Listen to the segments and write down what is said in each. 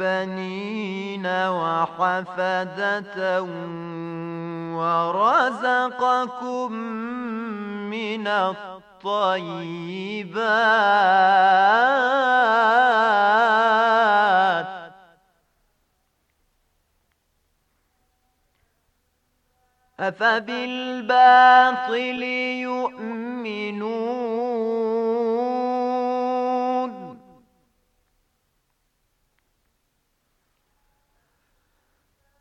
البنين وحفدة ورزقكم من الطيبات أفبالباطل يؤمنون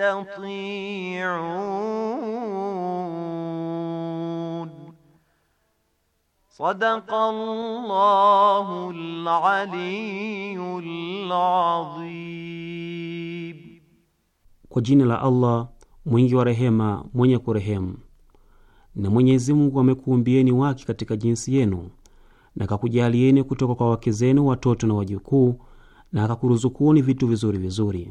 yastati'un. Sadaqallahul aliyyul adhim. Kwa jina la Allah mwingi wa rehema, mwenye kurehemu. Na Mwenyezi Mungu amekuumbieni wake katika jinsi yenu na akakujalieni kutoka kwa wake zenu watoto na wajukuu na akakuruzukuni vitu vizuri vizuri.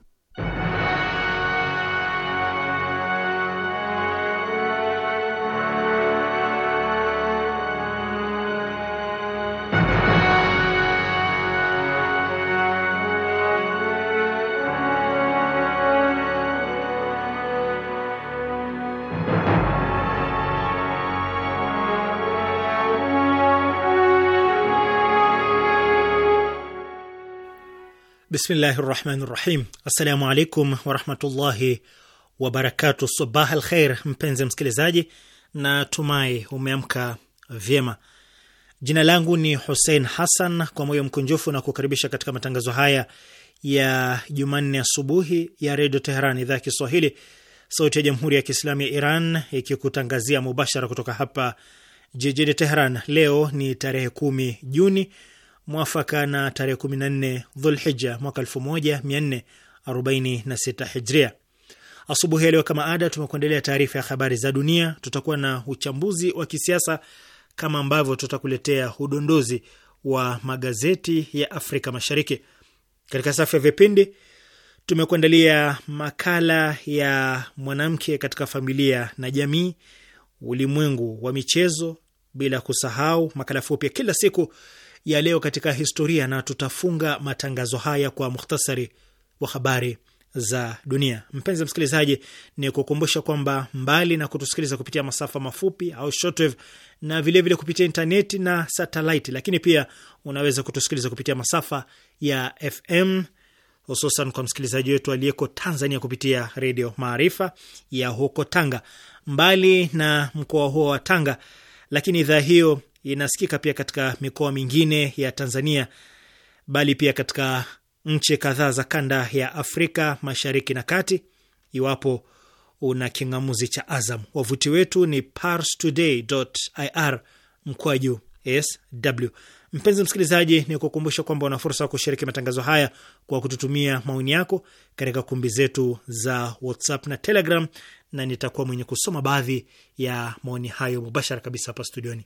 Bismillahi rahmani rahim. Assalamu alaikum warahmatullahi wabarakatu. Sabah al kheir, mpenzi msikilizaji, na tumai umeamka vyema. Jina langu ni Husein Hassan, kwa moyo mkunjufu na kukaribisha katika matangazo haya ya Jumanne asubuhi ya Redio Teheran, idhaa ya Kiswahili, sauti ya Jamhuri ya Kiislamu ya Iran, ikikutangazia mubashara kutoka hapa jijini Teheran. Leo ni tarehe kumi Juni mwafaka na tarehe nne Dhulhija mwaka sita Hijria. Asubuhi ya leo kama ada, tumekuendelea taarifa ya habari za dunia, tutakuwa na uchambuzi wa kisiasa kama ambavyo tutakuletea udondozi wa magazeti ya Afrika Mashariki. Katika safu ya vipindi tumekuandalia makala ya mwanamke katika familia na jamii, ulimwengu wa michezo, bila kusahau makala fupi ya kila siku ya leo katika historia, na tutafunga matangazo haya kwa muhtasari wa habari za dunia. Mpenzi msikilizaji, ni kukumbusha kwamba mbali na kutusikiliza kupitia masafa mafupi au shortwave, na vilevile vile kupitia intaneti na satelaiti, lakini pia unaweza kutusikiliza kupitia masafa ya FM hususan kwa msikilizaji wetu aliyeko Tanzania kupitia Redio Maarifa ya huko Tanga. Mbali na mkoa huo wa Tanga, lakini idhaa hiyo inasikika pia katika mikoa mingine ya Tanzania bali pia katika nchi kadhaa za kanda ya Afrika Mashariki na Kati, iwapo una king'amuzi cha Azam. Wavuti wetu ni parstoday.ir mkwaju sw. Mpenzi msikilizaji, ni kukumbusha kwamba una fursa ya kushiriki matangazo haya kwa kututumia maoni yako katika kumbi zetu za WhatsApp na Telegram, na nitakuwa mwenye kusoma baadhi ya maoni hayo mubashara kabisa hapa studioni.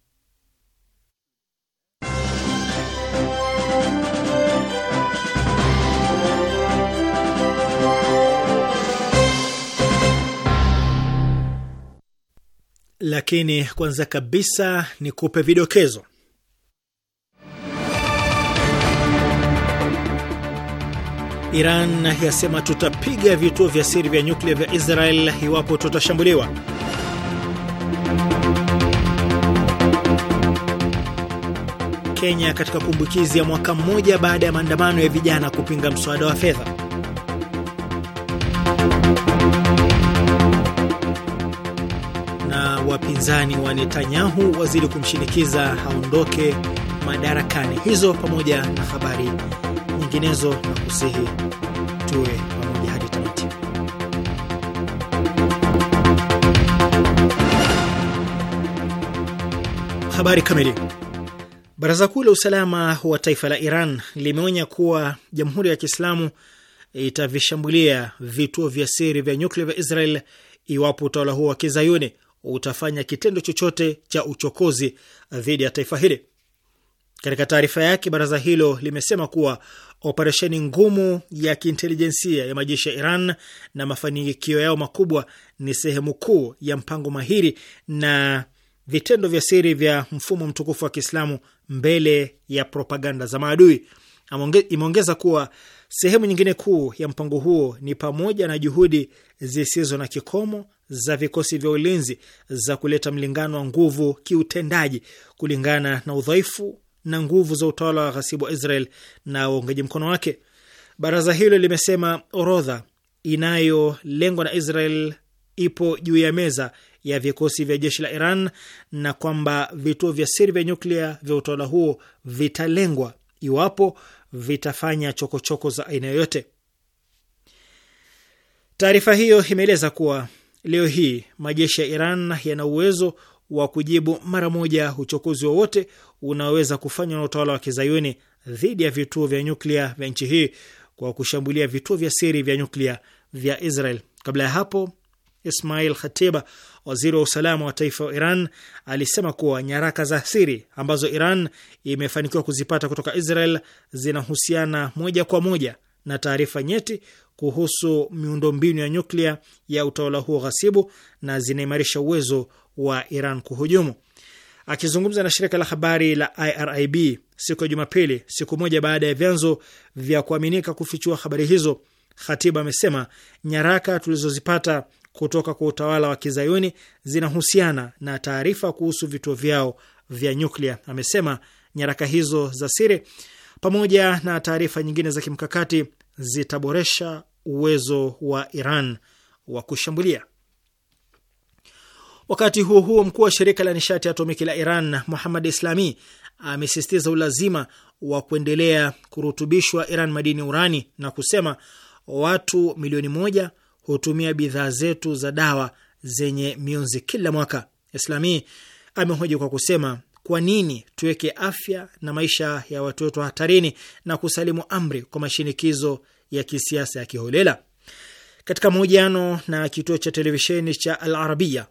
lakini kwanza kabisa ni kupe vidokezo. Iran yasema tutapiga vituo vya siri vya nyuklia vya Israel iwapo tutashambuliwa. Kenya katika kumbukizi ya mwaka mmoja baada ya maandamano ya vijana kupinga mswada wa fedha. wapinzani wa Netanyahu wazidi kumshinikiza haondoke madarakani. Hizo pamoja na habari nyinginezo, na kusihi tuwe pamoja hadi tamati. Habari kamili. Baraza Kuu la Usalama wa Taifa la Iran limeonya kuwa Jamhuri ya Kiislamu itavishambulia vituo vya siri vya nyuklia vya Israel iwapo utawala huo wa kizayuni utafanya kitendo chochote cha uchokozi dhidi ya taifa hili. Katika taarifa yake, baraza hilo limesema kuwa operesheni ngumu ya kiintelijensia ya majeshi ya Iran na mafanikio yao makubwa ni sehemu kuu ya mpango mahiri na vitendo vya siri vya mfumo mtukufu wa Kiislamu mbele ya propaganda za maadui. Imeongeza kuwa sehemu nyingine kuu ya mpango huo ni pamoja na juhudi zisizo na kikomo za vikosi vya ulinzi za kuleta mlingano wa nguvu kiutendaji kulingana na udhaifu na nguvu za utawala wa ghasibu wa Israel na waungaji mkono wake. Baraza hilo limesema orodha inayolengwa na Israel ipo juu ya meza ya vikosi vya jeshi la Iran na kwamba vituo vya siri vya nyuklia vya utawala huo vitalengwa iwapo vitafanya chokochoko choko za aina yoyote. Taarifa hiyo imeeleza kuwa Leo hii majeshi ya Iran yana uwezo wa kujibu mara moja uchokozi wowote unaoweza kufanywa na utawala wa kizayuni dhidi ya vituo vya nyuklia vya nchi hii kwa kushambulia vituo vya siri vya nyuklia vya Israel. Kabla ya hapo, Ismail Khatiba, waziri wa usalama wa taifa wa Iran, alisema kuwa nyaraka za siri ambazo Iran imefanikiwa kuzipata kutoka Israel zinahusiana moja kwa moja na taarifa nyeti kuhusu miundombinu ya nyuklia ya utawala huo ghasibu na zinaimarisha uwezo wa Iran kuhujumu. Akizungumza na shirika la habari la IRIB siku ya Jumapili, siku moja baada ya vyanzo vya kuaminika kufichua habari hizo, Khatiba amesema nyaraka tulizozipata kutoka kwa utawala wa kizayuni zinahusiana na taarifa kuhusu vituo vyao vya nyuklia. Amesema nyaraka hizo za siri pamoja na taarifa nyingine za kimkakati zitaboresha uwezo wa Iran wa kushambulia. Wakati huo huo, mkuu wa shirika la nishati ya atomiki la Iran Muhammad Islami amesisitiza ulazima wa kuendelea kurutubishwa Iran madini ya urani na kusema watu milioni moja hutumia bidhaa zetu za dawa zenye mionzi kila mwaka. Islami amehoji kwa kusema kwa nini tuweke afya na maisha ya watu wetu hatarini na kusalimu amri kwa mashinikizo ya kisiasa ya kiholela. Katika mahojiano na kituo cha televisheni cha Al Arabia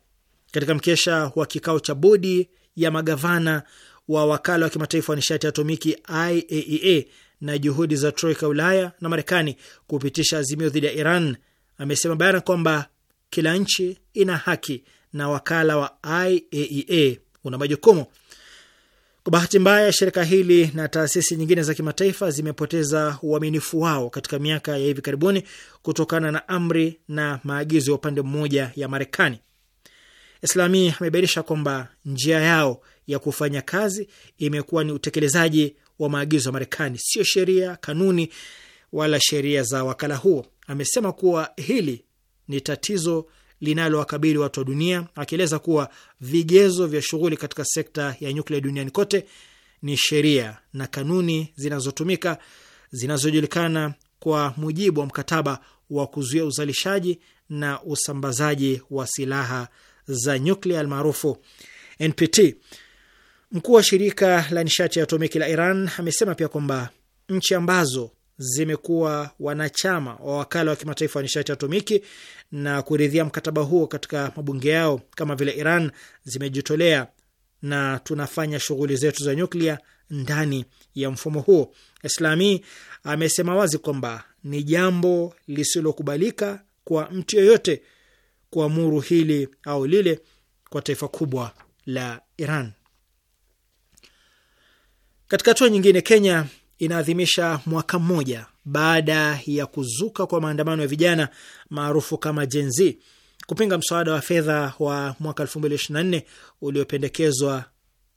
katika mkesha wa kikao cha bodi ya magavana wa wakala wa kimataifa wa nishati ya atomiki IAEA e na juhudi za troika Ulaya na Marekani kupitisha azimio dhidi ya Iran, amesema bayana kwamba kila nchi ina haki na wakala wa IAEA e una majukumu. Kwa bahati mbaya, shirika hili na taasisi nyingine za kimataifa zimepoteza uaminifu wao katika miaka ya hivi karibuni kutokana na amri na maagizo ya upande mmoja ya Marekani. Islami amebainisha kwamba njia yao ya kufanya kazi imekuwa ni utekelezaji wa maagizo ya Marekani, sio sheria, kanuni wala sheria za wakala huo. Amesema kuwa hili ni tatizo linalowakabili watu wa dunia, akieleza kuwa vigezo vya shughuli katika sekta ya nyuklia duniani kote ni sheria na kanuni zinazotumika zinazojulikana kwa mujibu wa mkataba wa kuzuia uzalishaji na usambazaji wa silaha za nyuklia almaarufu NPT. Mkuu wa shirika la nishati ya atomiki la Iran amesema pia kwamba nchi ambazo zimekuwa wanachama wa wakala wa kimataifa wa nishati atomiki na kuridhia mkataba huo katika mabunge yao kama vile Iran zimejitolea na tunafanya shughuli zetu za nyuklia ndani ya mfumo huo. Islami amesema wazi kwamba ni jambo lisilokubalika kwa mtu yoyote kuamuru hili au lile kwa taifa kubwa la Iran. Katika hatua nyingine, Kenya inaadhimisha mwaka mmoja baada ya kuzuka kwa maandamano ya vijana maarufu kama Gen Z kupinga mswada wa fedha wa mwaka 2024 uliopendekezwa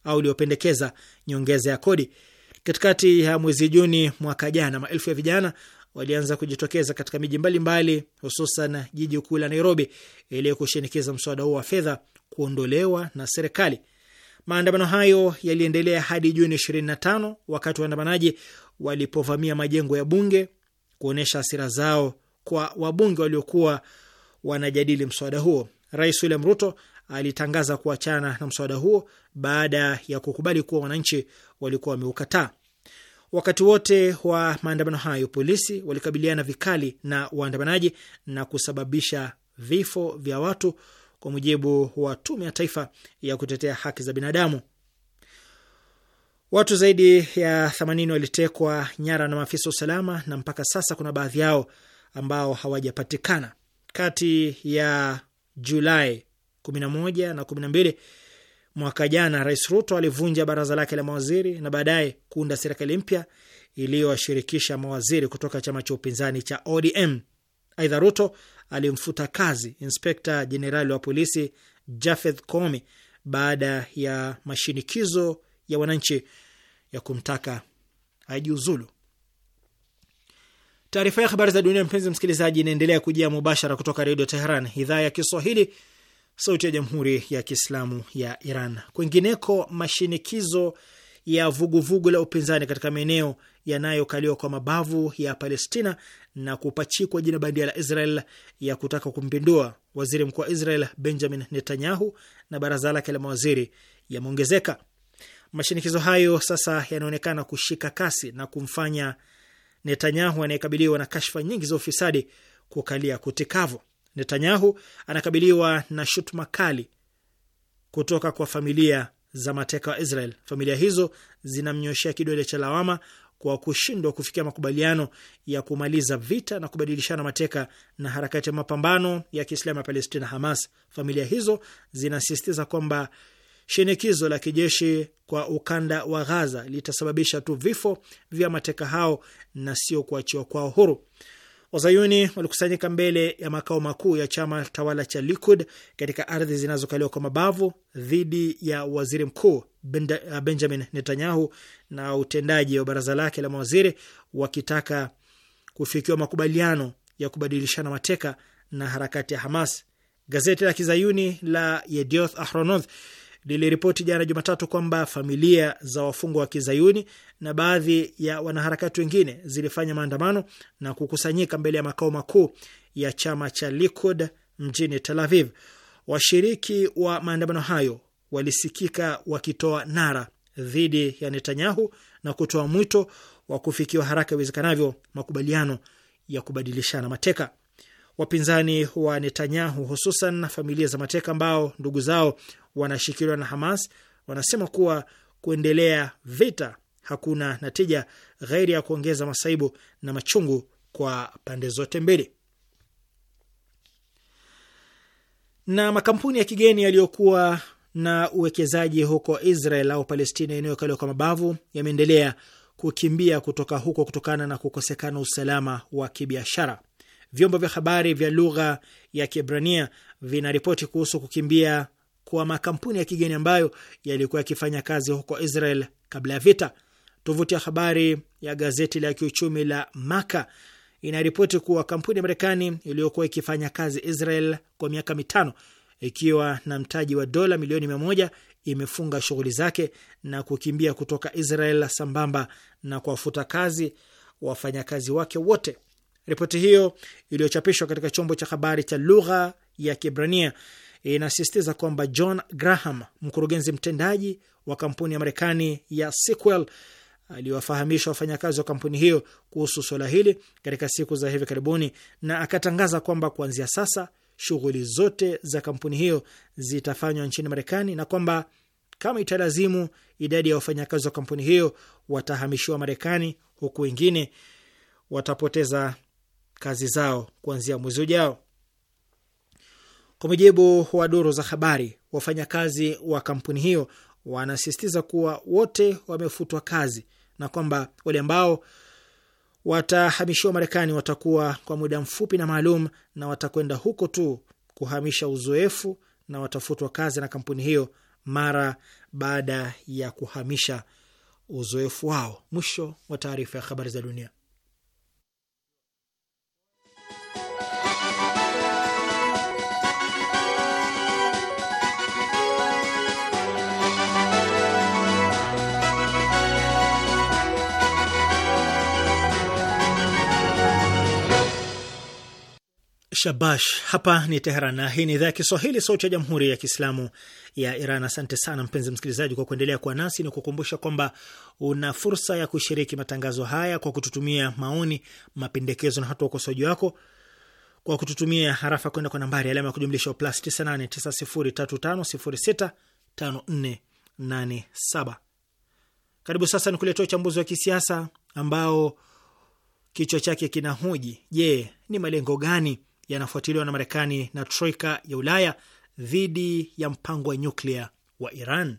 au uliopendekeza nyongeza ya kodi. Katikati ya mwezi Juni mwaka jana, maelfu ya vijana walianza kujitokeza katika miji mbalimbali, hususan jiji kuu la Nairobi, ili kushinikiza mswada huo wa fedha kuondolewa na serikali. Maandamano hayo yaliendelea hadi Juni 25 wakati waandamanaji walipovamia majengo ya bunge kuonyesha hasira zao kwa wabunge waliokuwa wanajadili mswada huo. Rais William Ruto alitangaza kuachana na mswada huo baada ya kukubali kuwa wananchi walikuwa wameukataa. Wakati wote wa maandamano hayo, polisi walikabiliana vikali na waandamanaji na kusababisha vifo vya watu kwa mujibu wa Tume ya Taifa ya Kutetea Haki za Binadamu. Watu zaidi ya 80 walitekwa nyara na maafisa wa usalama na mpaka sasa kuna baadhi yao ambao hawajapatikana. Kati ya Julai 11 na 12 mwaka jana, Rais Ruto alivunja baraza lake la mawaziri na baadaye kuunda serikali mpya iliyowashirikisha mawaziri kutoka chama cha upinzani cha ODM. Aidha, Ruto alimfuta kazi inspekta jenerali wa polisi Jafeth Komi baada ya mashinikizo ya wananchi ya kumtaka ajiuzulu. Taarifa ya habari za dunia, mpenzi msikilizaji, inaendelea kujia mubashara kutoka Redio Teheran, idhaa ya Kiswahili, sauti ya Jamhuri ya Kiislamu ya Iran. Kwingineko, mashinikizo ya vuguvugu vugu la upinzani katika maeneo yanayokaliwa kwa mabavu ya Palestina na kupachikwa jina bandia la Israel ya kutaka kumpindua waziri mkuu wa Israel Benjamin Netanyahu, na baraza lake la mawaziri yameongezeka. Mashinikizo hayo sasa yanaonekana kushika kasi na kumfanya Netanyahu anayekabiliwa na kashfa nyingi za ufisadi kukalia kuti Netanyahu anakabiliwa na shutuma kali kutoka kwa familia za mateka wa Israel. Familia hizo zinamnyoshea kidole cha lawama kwa kushindwa kufikia makubaliano ya kumaliza vita na kubadilishana mateka na harakati ya mapambano ya Kiislamu ya Palestina, Hamas. Familia hizo zinasisitiza kwamba shinikizo la kijeshi kwa ukanda wa Ghaza litasababisha tu vifo vya mateka hao na sio kuachiwa kwao huru. Wazayuni walikusanyika mbele ya makao makuu ya chama tawala cha Likud katika ardhi zinazokaliwa kwa mabavu dhidi ya waziri mkuu uh, Benjamin Netanyahu na utendaji wa baraza lake la mawaziri, wakitaka kufikiwa makubaliano ya kubadilishana mateka na harakati ya Hamas. Gazeti la kizayuni la Yedioth Ahronoth liliripoti jana Jumatatu kwamba familia za wafungwa wa kizayuni na baadhi ya wanaharakati wengine zilifanya maandamano na kukusanyika mbele ya makao makuu ya chama cha Likud mjini Tel Aviv. Washiriki wa maandamano hayo walisikika wakitoa nara dhidi ya Netanyahu na kutoa mwito wa kufikiwa haraka iwezekanavyo makubaliano ya kubadilishana mateka wapinzani wa Netanyahu, hususan familia za mateka ambao ndugu zao wanashikiliwa na Hamas, wanasema kuwa kuendelea vita hakuna natija ghairi ya kuongeza masaibu na machungu kwa pande zote mbili. Na makampuni ya kigeni yaliyokuwa na uwekezaji huko Israel au Palestina inayokaliwa kwa mabavu yameendelea kukimbia kutoka huko kutokana na kukosekana usalama wa kibiashara. Vyombo vya habari vya lugha ya Kiebrania vinaripoti kuhusu kukimbia kwa makampuni ya kigeni ambayo yalikuwa yakifanya kazi huko Israel kabla ya vita. Tovuti ya habari ya gazeti la kiuchumi la Maka inaripoti kuwa kampuni ya Marekani iliyokuwa ikifanya kazi Israel kwa miaka mitano ikiwa na mtaji wa dola milioni mia moja imefunga shughuli zake na kukimbia kutoka Israel sambamba na kuwafuta kazi wafanyakazi wake wote. Ripoti hiyo iliyochapishwa katika chombo cha habari cha lugha ya kibrania inasisitiza kwamba John Graham, mkurugenzi mtendaji wa kampuni ya Marekani ya Sequel, aliwafahamisha wafanyakazi wa kampuni hiyo kuhusu suala hili katika siku za hivi karibuni, na akatangaza kwamba kuanzia sasa shughuli zote za kampuni hiyo zitafanywa nchini Marekani na kwamba kama italazimu, idadi ya wafanyakazi wa kampuni hiyo watahamishiwa Marekani, huku wengine watapoteza kazi zao kuanzia mwezi ujao. Kwa mujibu wa duru za habari, wafanyakazi wa kampuni hiyo wanasisitiza kuwa wote wamefutwa kazi na kwamba wale ambao watahamishiwa Marekani watakuwa kwa muda mfupi na maalum na watakwenda huko tu kuhamisha uzoefu na watafutwa kazi na kampuni hiyo mara baada ya kuhamisha uzoefu wao. Mwisho wa taarifa ya habari za dunia. Shabash, hapa ni Teheran na hii ni idhaa ya Kiswahili, sauti ya jamhuri ya kiislamu ya Iran. Asante sana mpenzi msikilizaji kwa kuendelea kuwa nasi, ni kukumbusha kwamba una fursa ya kushiriki matangazo haya kwa kututumia maoni, mapendekezo na hata ukosoaji wako kwa kututumia harafa kwenda kwa nambari alama ya kujumlisha plus 989035065487. Karibu sasa ni kuletea uchambuzi wa kisiasa ambao kichwa chake kinahoji: Je, ni malengo gani yanafuatiliwa na Marekani na troika ya Ulaya dhidi ya mpango wa nyuklia wa Iran.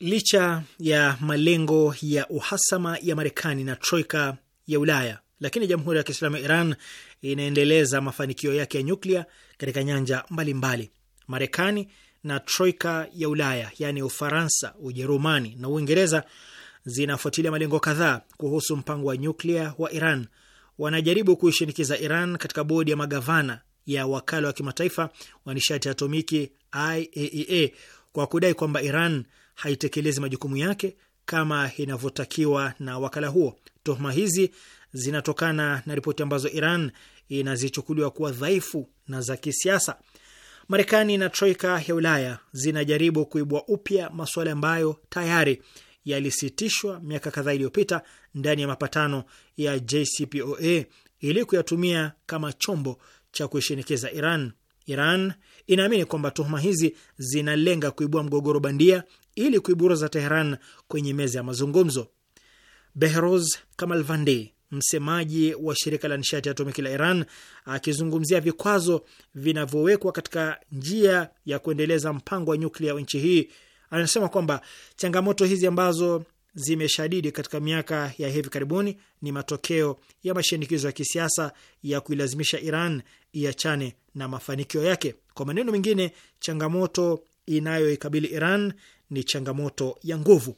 Licha ya malengo ya uhasama ya Marekani na troika ya Ulaya, lakini Jamhuri ya Kiislamu ya Iran inaendeleza mafanikio yake ya nyuklia katika nyanja mbalimbali mbali. Marekani na troika ya Ulaya yaani Ufaransa, Ujerumani na Uingereza zinafuatilia malengo kadhaa kuhusu mpango wa nyuklia wa Iran. Wanajaribu kuishinikiza Iran katika bodi ya magavana ya wakala wa kimataifa wa nishati ya atomiki IAEA e kwa kudai kwamba Iran haitekelezi majukumu yake kama inavyotakiwa na wakala huo. Tuhuma hizi zinatokana na ripoti ambazo Iran inazichukuliwa kuwa dhaifu na za kisiasa. Marekani na troika ya Ulaya zinajaribu kuibua upya masuala ambayo tayari yalisitishwa miaka kadhaa iliyopita ndani ya mapatano ya JCPOA ili kuyatumia kama chombo cha kuishinikiza Iran. Iran inaamini kwamba tuhuma hizi zinalenga kuibua mgogoro bandia ili kuiburuza Teheran kwenye meza ya mazungumzo. behros Kamalvandi msemaji wa shirika la nishati ya atomiki la Iran akizungumzia vikwazo vinavyowekwa katika njia ya kuendeleza mpango wa nyuklia wa nchi hii, anasema kwamba changamoto hizi ambazo zimeshadidi katika miaka ya hivi karibuni ni matokeo ya mashinikizo ya kisiasa ya kuilazimisha Iran iachane na mafanikio yake. Kwa maneno mengine, changamoto inayoikabili Iran ni changamoto ya nguvu.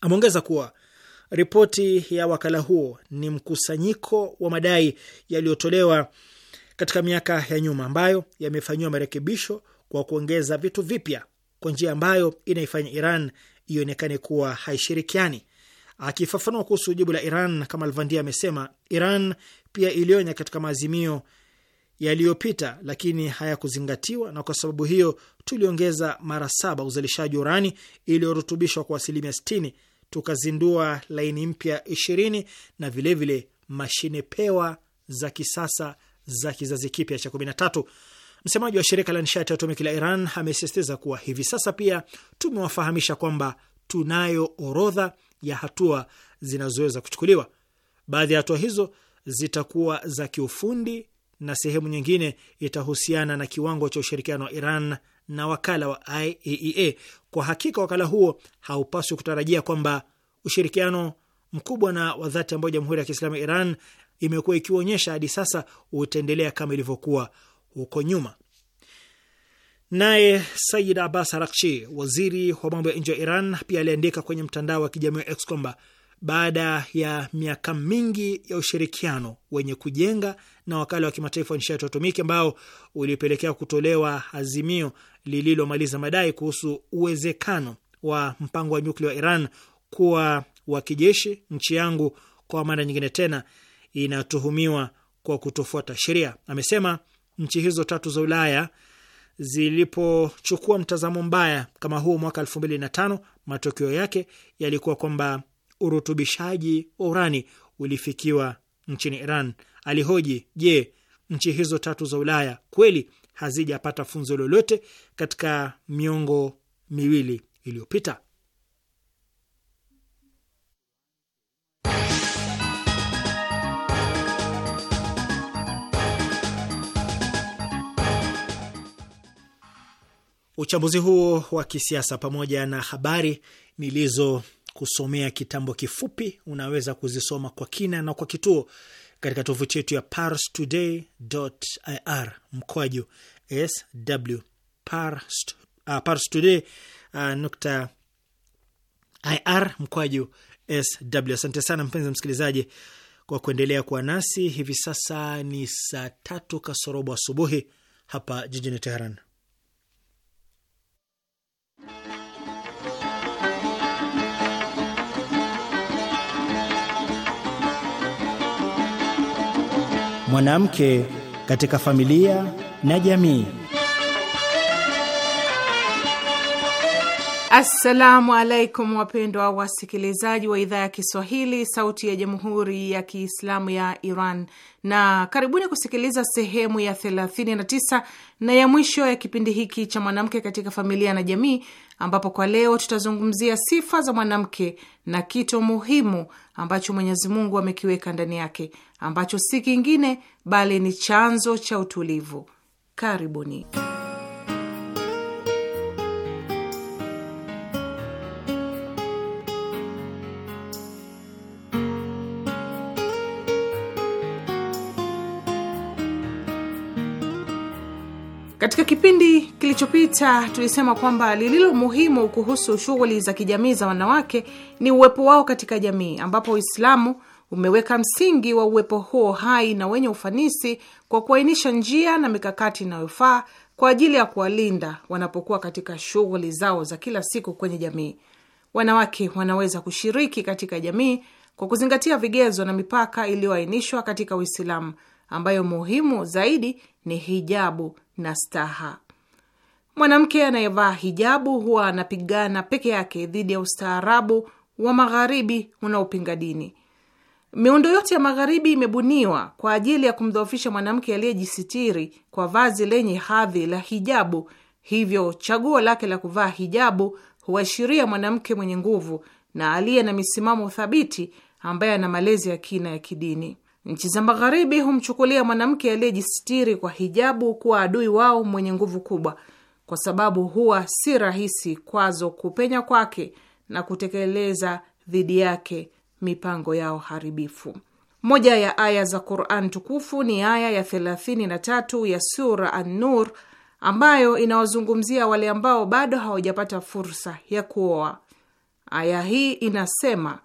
Ameongeza kuwa Ripoti ya wakala huo ni mkusanyiko wa madai yaliyotolewa katika miaka ya nyuma ambayo yamefanyiwa marekebisho kwa kuongeza vitu vipya kwa njia ambayo inaifanya Iran ionekane kuwa haishirikiani. Akifafanua kuhusu jibu la Iran, kama alvandia amesema Iran pia ilionya katika maazimio yaliyopita lakini hayakuzingatiwa, na kwa sababu hiyo tuliongeza mara saba uzalishaji wa urani iliyorutubishwa kwa asilimia sitini tukazindua laini mpya ishirini na vilevile mashine pewa za kisasa za kizazi kipya cha kumi na tatu. Msemaji wa shirika la nishati ya atomiki la Iran amesisitiza kuwa hivi sasa pia tumewafahamisha kwamba tunayo orodha ya hatua zinazoweza kuchukuliwa. Baadhi ya hatua hizo zitakuwa za kiufundi na sehemu nyingine itahusiana na kiwango cha ushirikiano wa Iran na wakala wa IAEA. E. Kwa hakika wakala huo haupaswi kutarajia kwamba ushirikiano mkubwa na wa dhati ambao Jamhuri ya Kiislamu ya Iran imekuwa ikionyesha hadi sasa utaendelea kama ilivyokuwa huko nyuma. Naye Sayid Abbas Arakshi, waziri wa mambo ya nje wa Iran, pia aliandika kwenye mtandao wa kijamii wa X kwamba baada ya miaka mingi ya ushirikiano wenye kujenga na wakala wa kimataifa wa nishati atomiki ambao ulipelekea kutolewa azimio lililomaliza madai kuhusu uwezekano wa mpango wa nyuklia wa Iran kuwa wa kijeshi, nchi yangu kwa mara nyingine tena inatuhumiwa kwa kutofuata sheria. Amesema nchi hizo tatu za Ulaya zilipochukua mtazamo mbaya kama huu mwaka elfu mbili na tano, matokeo yake yalikuwa kwamba urutubishaji wa urani ulifikiwa nchini Iran. Alihoji, je, nchi hizo tatu za Ulaya kweli hazijapata funzo lolote katika miongo miwili iliyopita? Uchambuzi huo wa kisiasa pamoja na habari nilizo kusomea kitambo kifupi, unaweza kuzisoma kwa kina na kwa kituo katika tovuti yetu ya parstoday.ir mkwaju sw ah, parstoday ah, nukta ir mkwaju sw. Asante sana mpenzi msikilizaji kwa kuendelea kuwa nasi. Hivi sasa ni saa tatu kasorobo asubuhi hapa jijini Teheran. mwanamke katika familia na jamii. Assalamu alaikum wapendwa wasikilizaji wa idhaa ya Kiswahili sauti ya jamhuri ya Kiislamu ya Iran, na karibuni kusikiliza sehemu ya 39 na ya mwisho ya kipindi hiki cha mwanamke katika familia na jamii ambapo kwa leo tutazungumzia sifa za mwanamke na kito muhimu ambacho Mwenyezi Mungu amekiweka ndani yake ambacho si kingine bali ni chanzo cha utulivu. Karibuni. Katika kipindi kilichopita tulisema kwamba lililo muhimu kuhusu shughuli za kijamii za wanawake ni uwepo wao katika jamii, ambapo Uislamu umeweka msingi wa uwepo huo hai na wenye ufanisi kwa kuainisha njia na mikakati inayofaa kwa ajili ya kuwalinda wanapokuwa katika shughuli zao za kila siku kwenye jamii. Wanawake wanaweza kushiriki katika jamii kwa kuzingatia vigezo na mipaka iliyoainishwa katika Uislamu, ambayo muhimu zaidi ni hijabu na staha. Mwanamke anayevaa hijabu huwa anapigana peke yake dhidi ya ustaarabu wa magharibi unaopinga dini. Miundo yote ya magharibi imebuniwa kwa ajili ya kumdhoofisha mwanamke aliyejisitiri kwa vazi lenye hadhi la hijabu. Hivyo chaguo lake la kuvaa hijabu huashiria mwanamke mwenye nguvu na aliye na misimamo thabiti ambaye ana malezi ya kina ya kidini. Nchi za Magharibi humchukulia mwanamke aliyejistiri kwa hijabu kuwa adui wao mwenye nguvu kubwa, kwa sababu huwa si rahisi kwazo kupenya kwake na kutekeleza dhidi yake mipango yao haribifu. Moja ya aya za Quran tukufu ni aya ya 33 ya sura An-Nur ambayo inawazungumzia wale ambao bado hawajapata fursa ya kuoa. Aya hii inasema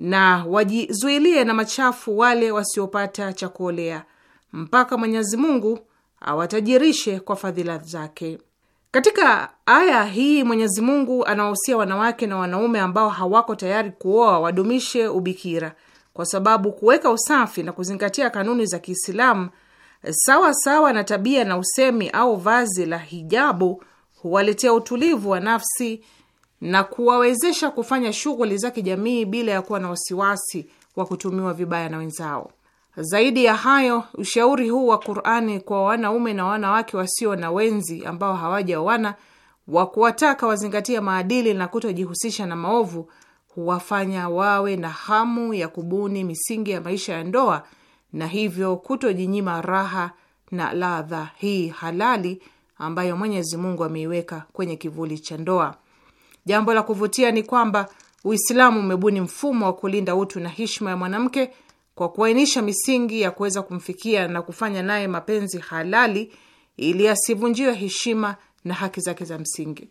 na wajizuilie na machafu wale wasiopata cha kuolea mpaka Mwenyezi Mungu awatajirishe kwa fadhila zake. Katika aya hii Mwenyezi Mungu anawahusia wanawake na wanaume ambao hawako tayari kuoa wadumishe ubikira, kwa sababu kuweka usafi na kuzingatia kanuni za Kiislamu sawa sawa na tabia na usemi au vazi la hijabu huwaletea utulivu wa nafsi na kuwawezesha kufanya shughuli za kijamii bila ya kuwa na wasiwasi wa kutumiwa vibaya na wenzao. Zaidi ya hayo, ushauri huu wa Qur'ani kwa wanaume na wanawake wasio na wenzi ambao hawajaoana wa kuwataka wazingatia maadili na kutojihusisha na maovu huwafanya wawe na hamu ya kubuni misingi ya maisha ya ndoa na hivyo kutojinyima raha na ladha hii halali ambayo Mwenyezi Mungu ameiweka kwenye kivuli cha ndoa. Jambo la kuvutia ni kwamba Uislamu umebuni mfumo wa kulinda utu na heshima ya mwanamke kwa kuainisha misingi ya kuweza kumfikia na kufanya naye mapenzi halali ili asivunjiwe heshima na haki zake za msingi.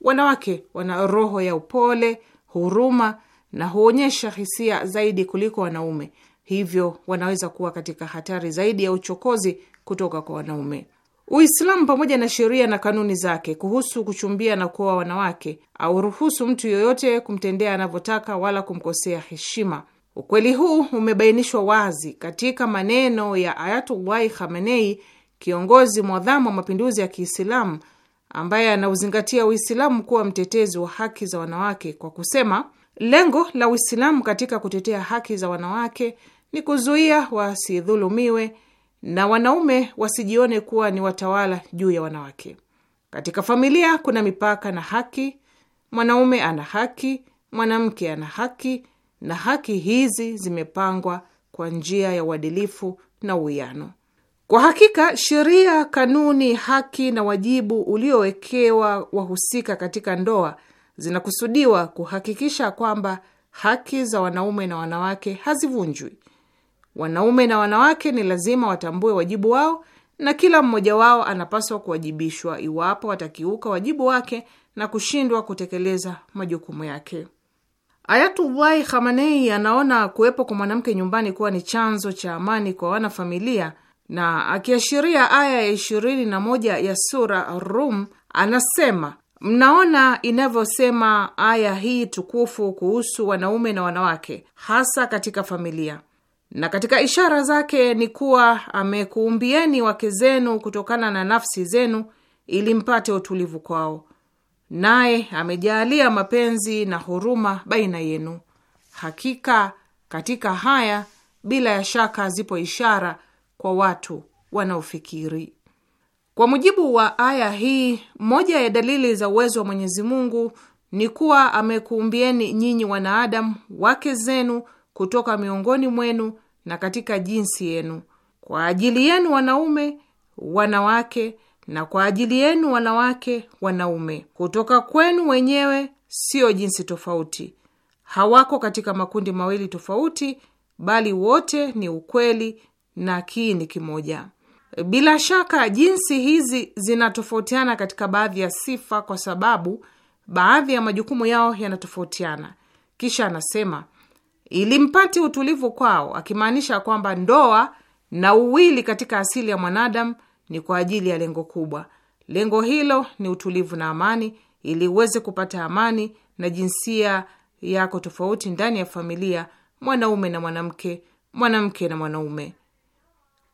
Wanawake wana roho ya upole, huruma na huonyesha hisia zaidi kuliko wanaume, hivyo wanaweza kuwa katika hatari zaidi ya uchokozi kutoka kwa wanaume. Uislamu pamoja na sheria na kanuni zake kuhusu kuchumbia na kuoa wanawake auruhusu mtu yoyote kumtendea anavyotaka wala kumkosea heshima. Ukweli huu umebainishwa wazi katika maneno ya Ayatullahi Khamenei, kiongozi mwadhamu wa mapinduzi ya Kiislamu ambaye anauzingatia Uislamu kuwa mtetezi wa haki za wanawake kwa kusema, lengo la Uislamu katika kutetea haki za wanawake ni kuzuia wasidhulumiwe na wanaume wasijione kuwa ni watawala juu ya wanawake. Katika familia kuna mipaka na haki. Mwanaume ana haki, mwanamke ana haki, na haki hizi zimepangwa kwa njia ya uadilifu na uwiano. Kwa hakika, sheria, kanuni, haki na wajibu uliowekewa wahusika katika ndoa zinakusudiwa kuhakikisha kwamba haki za wanaume na wanawake hazivunjwi Wanaume na wanawake ni lazima watambue wajibu wao na kila mmoja wao anapaswa kuwajibishwa iwapo watakiuka wajibu wake na kushindwa kutekeleza majukumu yake. Ayatullahi Khamenei anaona kuwepo kwa mwanamke nyumbani kuwa ni chanzo cha amani kwa wanafamilia, na akiashiria aya ya ishirini na moja ya sura Rum anasema, mnaona inavyosema aya hii tukufu kuhusu wanaume na wanawake, hasa katika familia na katika ishara zake ni kuwa amekuumbieni wake zenu kutokana na nafsi zenu ili mpate utulivu kwao, naye amejaalia mapenzi na huruma baina yenu. Hakika katika haya bila ya shaka zipo ishara kwa watu wanaofikiri. Kwa mujibu wa aya hii, moja ya dalili za uwezo wa Mwenyezi Mungu ni kuwa amekuumbieni nyinyi wanaadamu wake zenu kutoka miongoni mwenu na katika jinsi yenu, kwa ajili yenu wanaume, wanawake, na kwa ajili yenu wanawake, wanaume, kutoka kwenu wenyewe, siyo jinsi tofauti. Hawako katika makundi mawili tofauti, bali wote ni ukweli na kiini kimoja. Bila shaka jinsi hizi zinatofautiana katika baadhi ya sifa, kwa sababu baadhi ya majukumu yao yanatofautiana. Kisha anasema ili mpate utulivu kwao, akimaanisha kwamba ndoa na uwili katika asili ya mwanadamu ni kwa ajili ya lengo kubwa. Lengo hilo ni utulivu na amani, ili uweze kupata amani na jinsia yako tofauti ndani ya familia, mwanaume na mwanamke, mwanamke na mwanaume.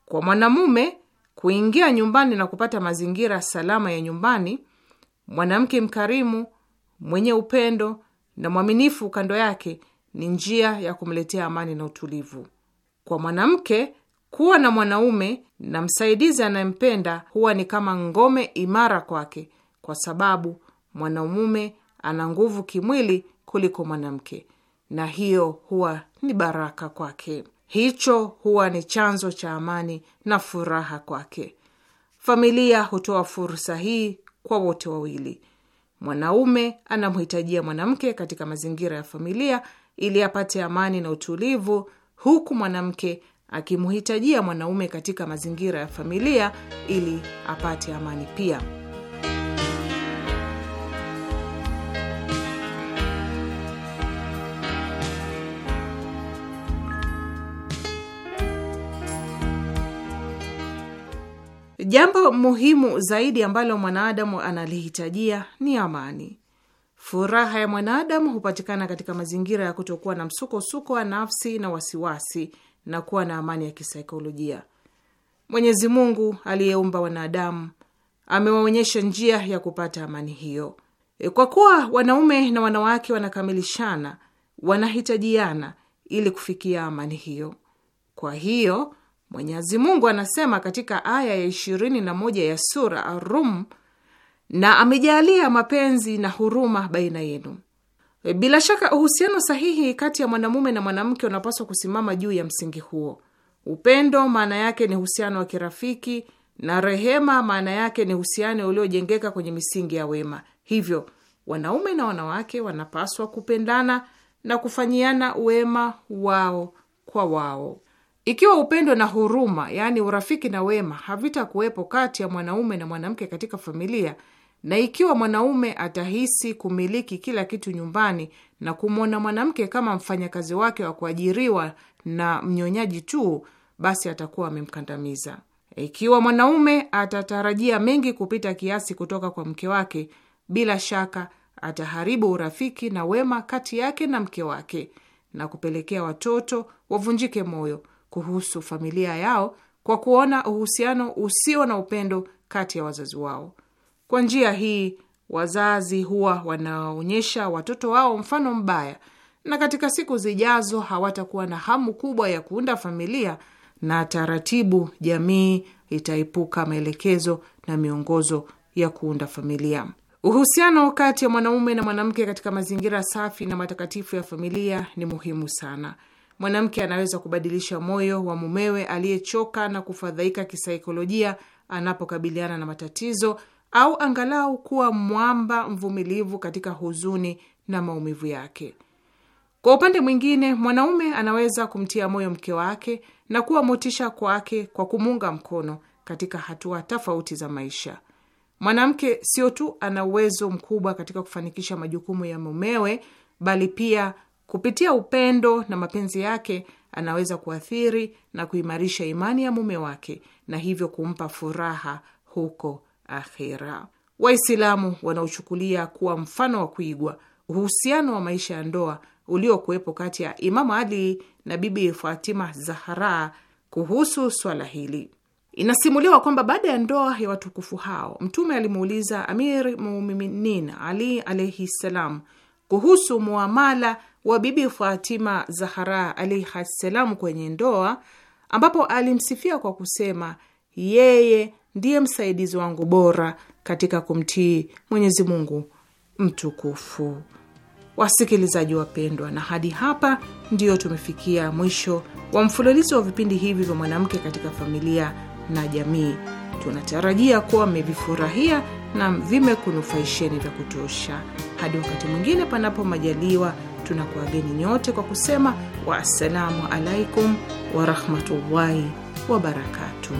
Kwa mwanamume kuingia nyumbani na kupata mazingira salama ya nyumbani, mwanamke mkarimu, mwenye upendo na mwaminifu kando yake ni njia ya kumletea amani na utulivu. Kwa mwanamke, kuwa na mwanaume na msaidizi anayempenda huwa ni kama ngome imara kwake, kwa sababu mwanamume ana nguvu kimwili kuliko mwanamke, na hiyo huwa ni baraka kwake. Hicho huwa ni chanzo cha amani na furaha kwake. Familia hutoa fursa hii kwa wote wawili. Mwanaume anamhitajia mwanamke katika mazingira ya familia ili apate amani na utulivu, huku mwanamke akimhitajia mwanaume katika mazingira ya familia ili apate amani pia. Jambo muhimu zaidi ambalo mwanadamu analihitajia ni amani. Furaha ya mwanadamu hupatikana katika mazingira ya kutokuwa na msukosuko wa nafsi na wasiwasi na kuwa na amani ya kisaikolojia. Mwenyezi Mungu aliyeumba wanadamu amewaonyesha njia ya kupata amani hiyo. E, kwa kuwa wanaume na wanawake wanakamilishana, wanahitajiana ili kufikia amani hiyo. Kwa hiyo Mwenyezi Mungu anasema katika aya ya ishirini na moja ya sura Arum na amejaalia mapenzi na huruma baina yenu. E, bila shaka uhusiano sahihi kati ya mwanamume na mwanamke unapaswa kusimama juu ya msingi huo. Upendo maana yake ni uhusiano wa kirafiki, na rehema maana yake ni uhusiano uliojengeka kwenye misingi ya wema. Hivyo wanaume na wanawake wanapaswa kupendana na kufanyiana wema wao kwa wao. Ikiwa upendo na huruma, yaani urafiki na wema, havitakuwepo kati ya mwanaume na mwanamke katika familia na ikiwa mwanaume atahisi kumiliki kila kitu nyumbani na kumwona mwanamke kama mfanyakazi wake wa kuajiriwa na mnyonyaji tu, basi atakuwa amemkandamiza. Ikiwa mwanaume atatarajia mengi kupita kiasi kutoka kwa mke wake, bila shaka ataharibu urafiki na wema kati yake na mke wake na kupelekea watoto wavunjike moyo kuhusu familia yao kwa kuona uhusiano usio na upendo kati ya wazazi wao. Kwa njia hii wazazi huwa wanaonyesha watoto wao mfano mbaya, na katika siku zijazo hawatakuwa na hamu kubwa ya kuunda familia, na taratibu jamii itaepuka maelekezo na miongozo ya kuunda familia. Uhusiano kati ya mwanaume na mwanamke katika mazingira safi na matakatifu ya familia ni muhimu sana. Mwanamke anaweza kubadilisha moyo wa mumewe aliyechoka na kufadhaika kisaikolojia anapokabiliana na matatizo au angalau kuwa mwamba mvumilivu katika huzuni na maumivu yake. Kwa upande mwingine, mwanaume anaweza kumtia moyo mke wake na kuwa motisha kwake kwa kumuunga mkono katika hatua tofauti za maisha. Mwanamke sio tu ana uwezo mkubwa katika kufanikisha majukumu ya mumewe, bali pia kupitia upendo na mapenzi yake anaweza kuathiri na kuimarisha imani ya mume wake na hivyo kumpa furaha huko akhira. Waislamu wanaochukulia kuwa mfano wa kuigwa uhusiano wa maisha ya ndoa uliokuwepo kati ya Imamu Ali na Bibi Fatima Zahara. Kuhusu swala hili, inasimuliwa kwamba baada ya ndoa ya watukufu hao, Mtume alimuuliza Amir Muminin Ali alaihi ssalam kuhusu muamala wa Bibi Fatima Zahara alaihi ssalam kwenye ndoa, ambapo alimsifia kwa kusema yeye ndiye msaidizi wangu bora katika kumtii Mwenyezi Mungu mtukufu. Wasikilizaji wapendwa, na hadi hapa ndiyo tumefikia mwisho wa mfululizo wa vipindi hivi vya mwanamke katika familia na jamii. Tunatarajia kuwa mmevifurahia na vimekunufaisheni vya kutosha. Hadi wakati mwingine, panapo majaliwa, tunakuageni nyote kwa kusema waassalamu alaikum warahmatullahi wabarakatuh.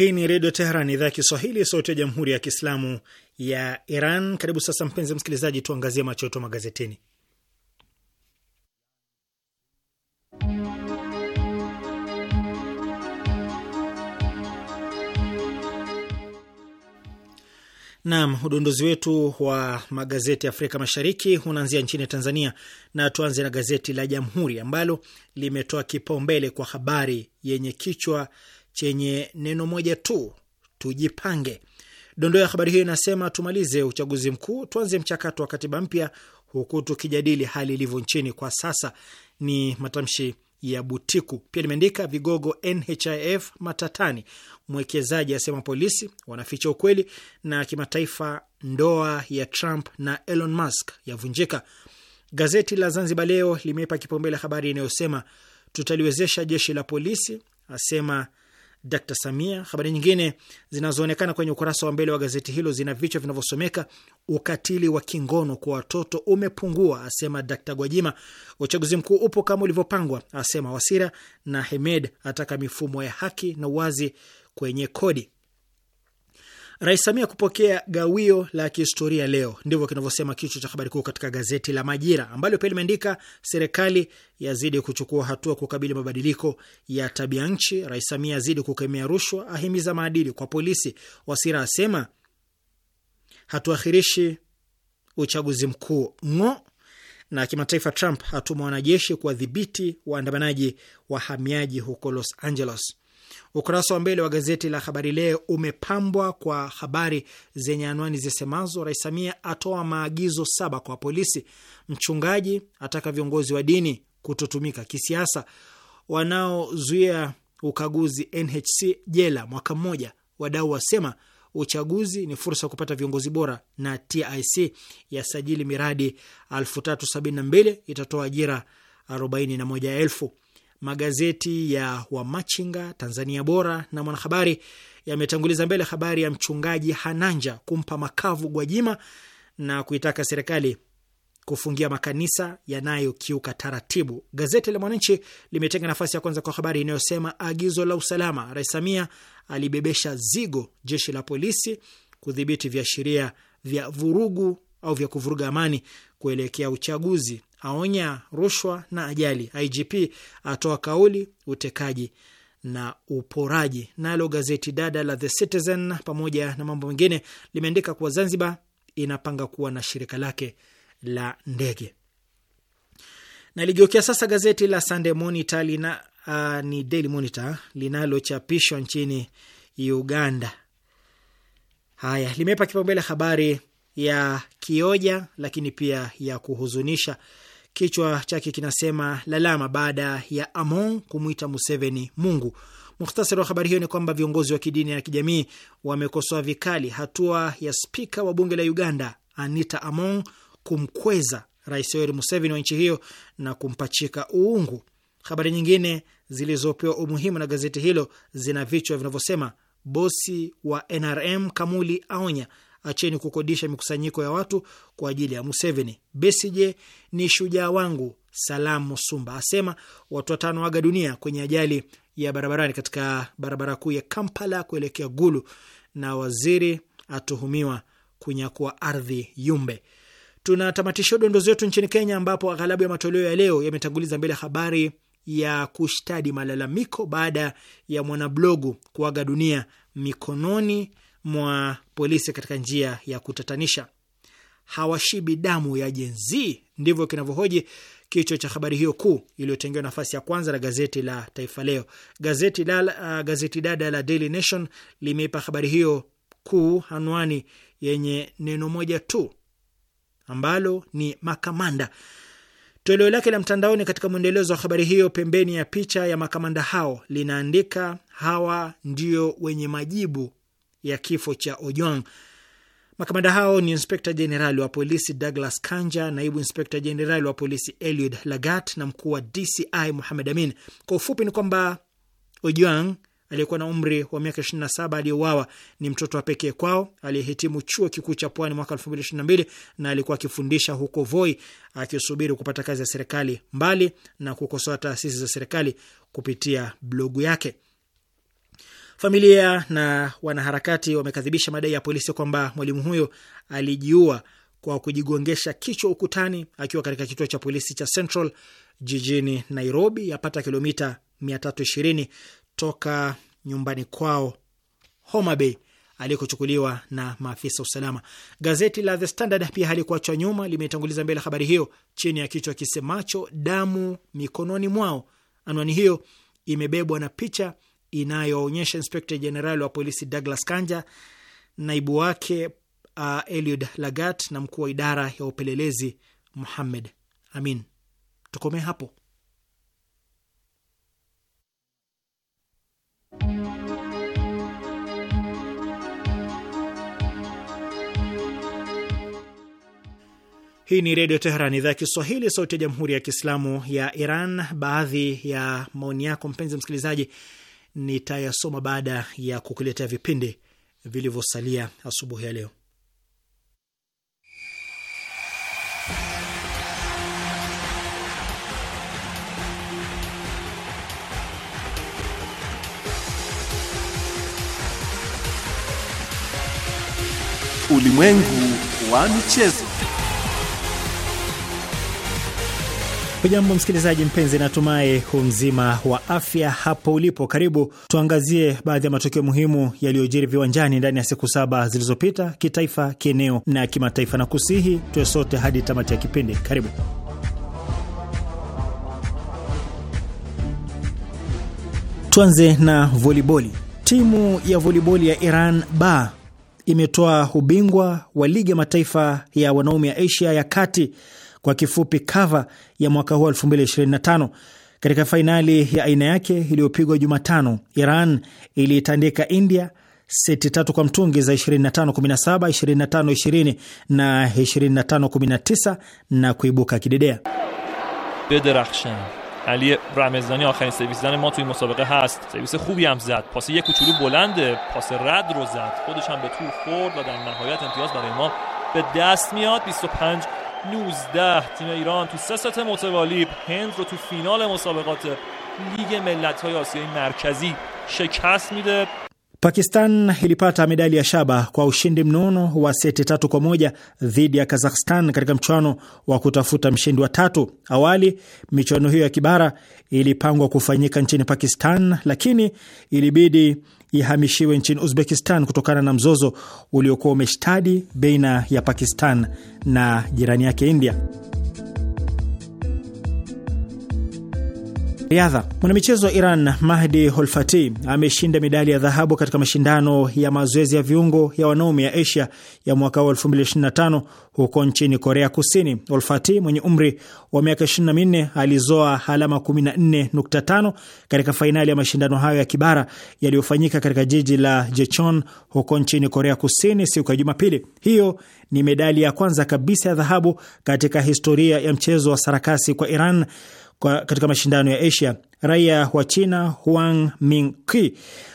Hii ni Redio Teheran, idhaa ya Kiswahili, sauti ya Jamhuri ya Kiislamu ya Iran. Karibu sasa, mpenzi msikilizaji, tuangazie macho yetu magazetini. Naam, udondozi wetu wa magazeti ya Afrika Mashariki unaanzia nchini Tanzania, na tuanze na gazeti la Jamhuri ambalo limetoa kipaumbele kwa habari yenye kichwa chenye neno moja tu, tujipange. Dondoo ya habari hiyo inasema tumalize uchaguzi mkuu, tuanze mchakato wa katiba mpya, huku tukijadili hali ilivyo nchini kwa sasa. Ni matamshi ya Butiku. Pia limeandika vigogo NHIF matatani, mwekezaji asema polisi wanaficha ukweli, na kimataifa, ndoa ya Trump na Elon Musk yavunjika. Gazeti la Zanzibar Leo limeipa kipaumbele habari inayosema tutaliwezesha jeshi la polisi, asema Dr Samia. Habari nyingine zinazoonekana kwenye ukurasa wa mbele wa gazeti hilo zina vichwa vinavyosomeka: ukatili wa kingono kwa watoto umepungua, asema Dr Gwajima; uchaguzi mkuu upo kama ulivyopangwa, asema Wasira; na Hemed ataka mifumo ya haki na uwazi kwenye kodi. Rais Samia kupokea gawio la kihistoria leo, ndivyo kinavyosema kichwa cha habari kuu katika gazeti la Majira, ambalo pia limeandika serikali yazidi kuchukua hatua kukabili mabadiliko ya tabia nchi. Rais Samia azidi kukemea rushwa, ahimiza maadili kwa polisi. Wasira asema hatuahirishi uchaguzi mkuu ng'o. Na kimataifa, Trump hatuma wanajeshi kuwadhibiti waandamanaji wahamiaji huko Los Angeles. Ukurasa wa mbele wa gazeti la Habari Leo umepambwa kwa habari zenye anwani zisemazo: Rais Samia atoa maagizo saba kwa polisi, mchungaji ataka viongozi wa dini kutotumika kisiasa, wanaozuia ukaguzi NHC jela mwaka mmoja, wadau wasema uchaguzi ni fursa ya kupata viongozi bora, na TIC yasajili miradi 372 itatoa ajira 41,000 magazeti ya Wamachinga, Tanzania Bora na Mwanahabari yametanguliza mbele habari ya mchungaji Hananja kumpa makavu Gwajima na kuitaka serikali kufungia makanisa yanayokiuka taratibu. Gazeti la Mwananchi limetenga nafasi ya kwanza kwa habari inayosema agizo la usalama, Rais Samia alibebesha zigo jeshi la polisi kudhibiti viashiria vya vurugu au vya kuvuruga amani kuelekea uchaguzi aonya rushwa na ajali, IGP atoa kauli utekaji na uporaji. Nalo gazeti dada la The Citizen pamoja na mambo mengine limeandika kuwa Zanzibar inapanga kuwa na shirika lake la ndege. Na ligeukia sasa gazeti la Sunday Monitor lina, uh, ni Daily Monitor linalochapishwa nchini Uganda. Haya, limepa kipaumbele habari ya kioja lakini pia ya kuhuzunisha Kichwa chake kinasema lalama baada ya Amon kumwita Museveni Mungu. Mukhtasari wa habari hiyo ni kwamba viongozi wa kidini na kijamii wamekosoa vikali hatua ya spika wa bunge la Uganda Anita Among kumkweza Rais Yoweri Museveni wa nchi hiyo na kumpachika uungu. Habari nyingine zilizopewa umuhimu na gazeti hilo zina vichwa vinavyosema bosi wa NRM Kamuli aonya acheni kukodisha mikusanyiko ya watu kwa ajili ya Museveni. Besije ni shujaa wangu, Salamu Sumba asema watu watano waga dunia kwenye ajali ya barabarani katika barabara kuu ya Kampala kuelekea Gulu, na waziri atuhumiwa kunyakua ardhi Yumbe. Tunatamatishia udondozi zetu nchini Kenya, ambapo aghalabu ya matoleo ya leo yametanguliza mbele habari ya kushtadi malalamiko baada ya mwanablogu kuaga dunia mikononi mwa polisi katika njia ya kutatanisha. Hawashibi damu ya jenzi, ndivyo kinavyohoji kichwa cha habari hiyo kuu iliyotengewa nafasi ya kwanza na gazeti la Taifa Leo. Gazeti, la, uh, gazeti dada la Daily Nation limeipa habari hiyo kuu anwani yenye neno moja tu ambalo ni makamanda. Toleo lake la mtandaoni katika mwendelezo wa habari hiyo, pembeni ya picha ya makamanda hao, linaandika hawa ndio wenye majibu ya kifo cha Ojwang. Makamanda hao ni inspekta jenerali wa polisi Douglas Kanja, naibu inspekta jenerali wa polisi Eliud Lagat na mkuu wa DCI Muhamed Amin. Kwa ufupi ni kwamba Ojwang aliyekuwa na umri wa miaka 27 aliyeuawa ni mtoto wa pekee kwao aliyehitimu chuo kikuu cha Pwani mwaka 2022 na alikuwa akifundisha huko Voi akisubiri kupata kazi ya serikali, mbali na kukosoa taasisi za serikali kupitia blogu yake. Familia na wanaharakati wamekadhibisha madai ya polisi kwamba mwalimu huyo alijiua kwa kujigongesha kichwa ukutani akiwa katika kituo cha polisi cha Central jijini Nairobi, yapata kilomita 320 toka nyumbani kwao Homa Bay alikochukuliwa na maafisa usalama. Gazeti la The Standard pia halikuachwa nyuma, limetanguliza mbele habari hiyo chini ya kichwa kisemacho damu mikononi mwao. Anwani hiyo imebebwa na picha inayoonyesha inspekta jenerali wa polisi Douglas Kanja, naibu wake uh, Eliud Lagat na mkuu wa idara ya upelelezi Muhamed Amin. Tukomee hapo. Hii ni Redio Teheran, idhaa ya Kiswahili, sauti ya Jamhuri ya Kiislamu ya Iran. Baadhi ya maoni yako mpenzi msikilizaji nitayasoma baada ya kukuletea vipindi vilivyosalia asubuhi ya leo. Ulimwengu wa michezo. Hujambo msikilizaji mpenzi, natumai umzima wa afya hapo ulipo. Karibu tuangazie baadhi ya matukio muhimu yaliyojiri viwanjani ndani ya siku saba zilizopita, kitaifa, kieneo na kimataifa, na kusihi tuwe sote hadi tamati ya kipindi. Karibu. Tuanze na voliboli. Timu ya voliboli ya Iran ba imetoa ubingwa wa ligi ya mataifa ya wanaume ya Asia ya kati kwa kifupi kava ya mwaka huu 2025. Katika fainali ya aina yake iliyopigwa Jumatano, Iran iliitandika India seti tatu kwa mtungi za 25 17, 25 na 25 19 na kuibuka kidedea. Bederakhshan Ali servis zan ma hast. Servis khubi ham zad. Pas ye kuchulu pas rad ro zad. Khodesh ham be khord va dar nihayat imtiyaz baraye ma be dast 25 19 تیم ایران تو سه ست متوالی هند رو تو فینال مسابقات لیگ ملت های آسیای مرکزی شکست میده Pakistan ilipata medali ya shaba kwa ushindi mnono wa seti tatu kwa moja dhidi ya Kazakhstan katika mchuano wa kutafuta mshindi wa tatu. Awali michuano hiyo ya kibara ilipangwa kufanyika nchini Pakistan, lakini ilibidi ihamishiwe nchini Uzbekistan kutokana na mzozo uliokuwa umeshtadi baina ya Pakistan na jirani yake India. riadha. Mwanamichezo wa Iran Mahdi Holfati ameshinda medali ya dhahabu katika mashindano ya mazoezi ya viungo ya wanaume ya Asia ya mwaka wa 2025 huko nchini Korea Kusini. Holfati mwenye umri wa miaka 24 alizoa alama 14.5 katika fainali ya mashindano hayo ya kibara yaliyofanyika katika jiji la Jechon huko nchini Korea Kusini siku ya Jumapili. Hiyo ni medali ya kwanza kabisa ya dhahabu katika historia ya mchezo wa sarakasi kwa Iran kwa katika mashindano ya Asia. Raia wa China Huang Mingqi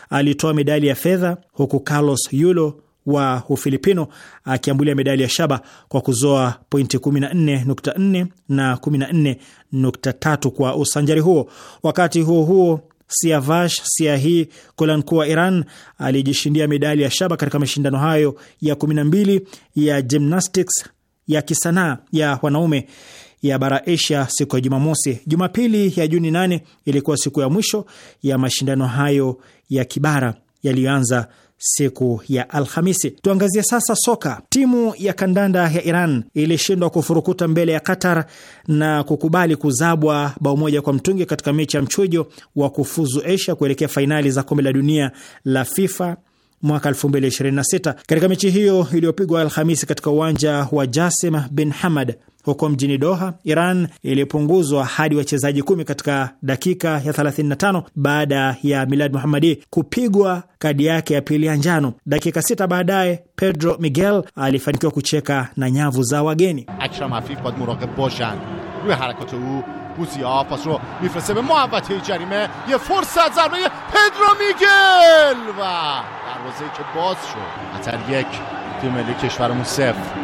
alitoa medali ya fedha, huku Carlos Yulo wa Ufilipino akiambulia medali ya shaba kwa kuzoa pointi 14.4 na 14.3 kwa usanjari huo. Wakati huo huo Siavash Siahi kulankuu wa Iran alijishindia medali ya shaba katika mashindano hayo ya 12 ya gymnastics ya kisanaa ya wanaume ya bara Asia siku ya Jumamosi. Jumapili ya Juni nane ilikuwa siku ya mwisho ya mashindano hayo ya kibara yaliyoanza siku ya Alhamisi. Tuangazie sasa soka. Timu ya kandanda ya Iran ilishindwa kufurukuta mbele ya Qatar na kukubali kuzabwa bao moja kwa mtungi katika mechi ya mchujo wa kufuzu Asia kuelekea fainali za kombe la dunia la FIFA mwaka 2026 katika mechi hiyo iliyopigwa Alhamisi katika uwanja wa Jasim bin Hamad huko mjini Doha, Iran ilipunguzwa hadi wachezaji kumi katika dakika ya 35 baada ya Milad Muhammadi kupigwa kadi yake ya pili ya njano. Dakika sita baadaye Pedro Miguel alifanikiwa kucheka na nyavu za wageni. akram afif بوسیا پاس رو میفرسته به محبت جریمه یه فرصت ضربه پدرو میگل و دروازه که باز شد قطر یک تیم ملی کشورمون صفر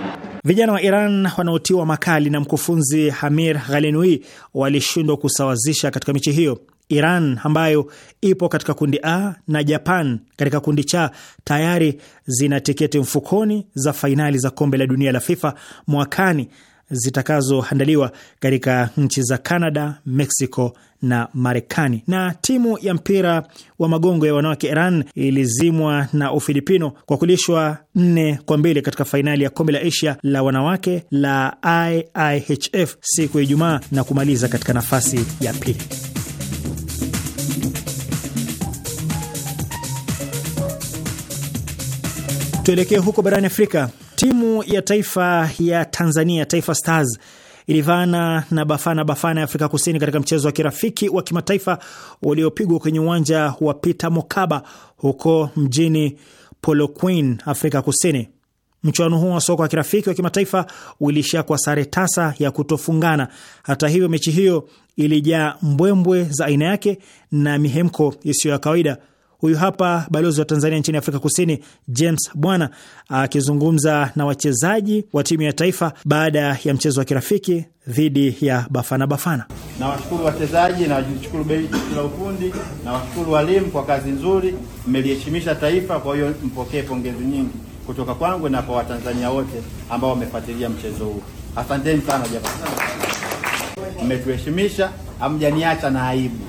Vijana wa Iran wanaotiwa makali na mkufunzi Hamir Ghalenui walishindwa kusawazisha katika mechi hiyo. Iran ambayo ipo katika kundi A na Japan katika kundi cha tayari zina tiketi mfukoni za fainali za kombe la dunia la FIFA mwakani zitakazoandaliwa katika nchi za Canada, Mexico na Marekani. Na timu ya mpira wa magongo ya wanawake Iran ilizimwa na Ufilipino kwa kulishwa nne kwa mbili katika fainali ya kombe la Asia la wanawake la IIHF siku ya Ijumaa na kumaliza katika nafasi ya pili. Tuelekee huko barani Afrika Timu ya taifa ya Tanzania, Taifa Stars, ilivana na Bafana Bafana ya Afrika Kusini katika mchezo wa kirafiki wa kimataifa uliopigwa kwenye uwanja wa Peter Mokaba huko mjini poloquin Afrika Kusini. Mchuano huo wa soka wa kirafiki wa kimataifa uliishia kwa sare tasa ya kutofungana. Hata hivyo, mechi hiyo ilijaa mbwembwe za aina yake na mihemko isiyo ya kawaida. Huyu hapa balozi wa Tanzania nchini Afrika Kusini, James Bwana, akizungumza na wachezaji wa timu ya taifa baada ya mchezo wa kirafiki dhidi ya Bafana Bafana. Nawashukuru wachezaji, nawashukuru benchi la ufundi, nawashukuru walimu kwa kazi nzuri, mmeliheshimisha taifa. Kwa hiyo mpokee pongezi nyingi kutoka kwangu na kwa Watanzania wote ambao wamefuatilia mchezo huu. Asanteni sana jamani, mmetuheshimisha, hamjaniacha na aibu.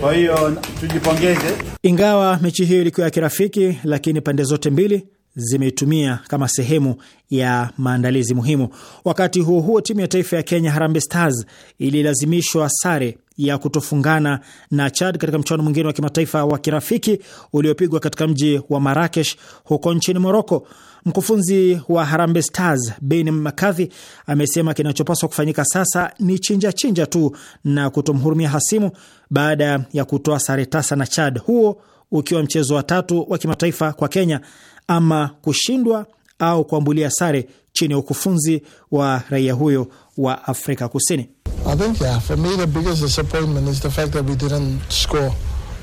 Kwa hiyo tujipongeze. Ingawa mechi hiyo ilikuwa ya kirafiki, lakini pande zote mbili zimeitumia kama sehemu ya maandalizi muhimu. Wakati huo huo, timu ya taifa ya Kenya Harambee Stars ililazimishwa sare ya kutofungana na Chad katika mchuano mwingine wa kimataifa wa kirafiki uliopigwa katika mji wa Marakesh huko nchini Moroko. Mkufunzi wa Harambee Stars Ben McCarthy amesema kinachopaswa kufanyika sasa ni chinja chinja tu na kutomhurumia hasimu baada ya kutoa sare tasa na Chad, huo ukiwa mchezo wa tatu wa kimataifa kwa Kenya ama kushindwa au kuambulia sare chini ya ukufunzi wa raia huyo wa Afrika Kusini. I think, yeah, for me, the biggest disappointment is the fact that we didn't score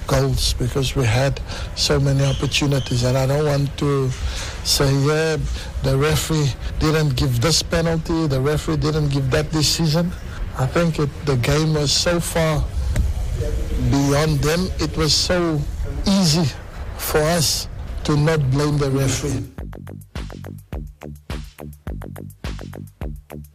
goals because we had so many opportunities. And I don't want to say, yeah, the referee didn't give this penalty, the referee didn't give that decision. I think it, the game was so far beyond them, it was so easy for us to not blame the referee.